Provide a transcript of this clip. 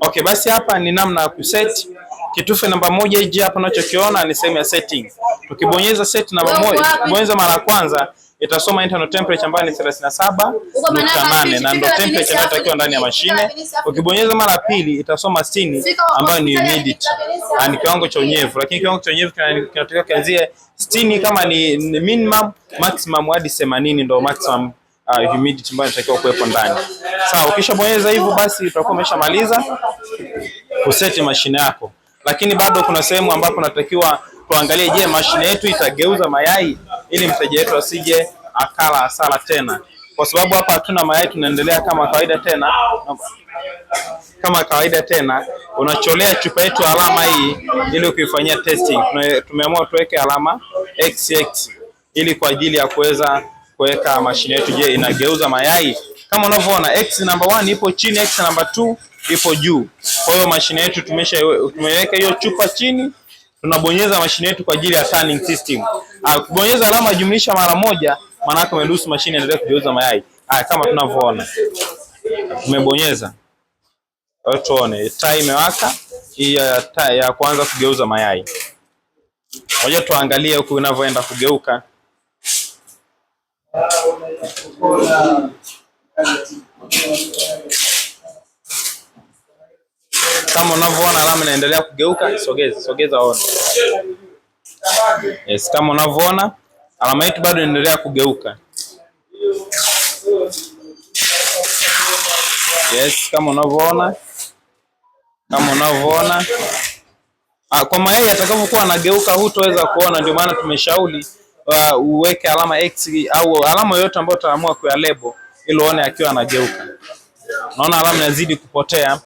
Okay, basi hapa ni namna ya kuset kitufe namba moja hiji hapa unachokiona ni sehemu ya setting. Tukibonyeza set namba moja, bonyeza mara ya kwanza itasoma internal temperature ambayo ni 37.8 na ndio temperature inayotakiwa ndani ya mashine. Ukibonyeza mara ya pili itasoma 60 ambayo ni humidity na yaani kiwango cha unyevu, lakini kiwango cha unyevu kinatakiwa kianzie 60 kama ni minimum, maximum hadi 80 ndio maximum uh, humidity ambayo inatakiwa kuwepo ndani. Sawa, ukishabonyeza hivyo basi utakuwa umeshamaliza kuseti mashine yako, lakini bado kuna sehemu ambapo natakiwa tuangalie, je, mashine yetu itageuza mayai ili mteja wetu asije akala hasara tena, kwa sababu hapa hatuna mayai, tunaendelea kama kawaida tena kama kawaida tena, unacholea chupa yetu alama hii ili ukifanyia testing. Tumeamua tuweke alama XX ili kwa ajili ya kuweza kuweka mashine yetu. Je, inageuza mayai? Kama unavyoona X number 1 ipo chini, X number 2 ipo juu. Kwa hiyo mashine yetu tumesha tumeweka hiyo chupa chini, tunabonyeza mashine yetu kwa ajili ya turning system. Akibonyeza ah, alama jumlisha mara moja, maana yake umeruhusu mashine endelee kugeuza mayai. Haya, ah, kama tunavyoona tumebonyeza, tuone taa imewaka ya kuanza kugeuza mayai. Ngoja tuangalie huku inavyoenda kugeuka. Kama unavyoona alama inaendelea kugeuka, sogeza sogeza, ona. Yes, kama unavyoona alama yetu bado inaendelea kugeuka. Yes, kama unavyoona kama unavyoona, ah, kwa mayai atakavyokuwa anageuka hutoweza kuona, ndio maana tumeshauri uh, uweke alama X au alama yoyote ambayo utaamua kuya lebo ili uone akiwa anageuka. Naona alama inazidi kupotea.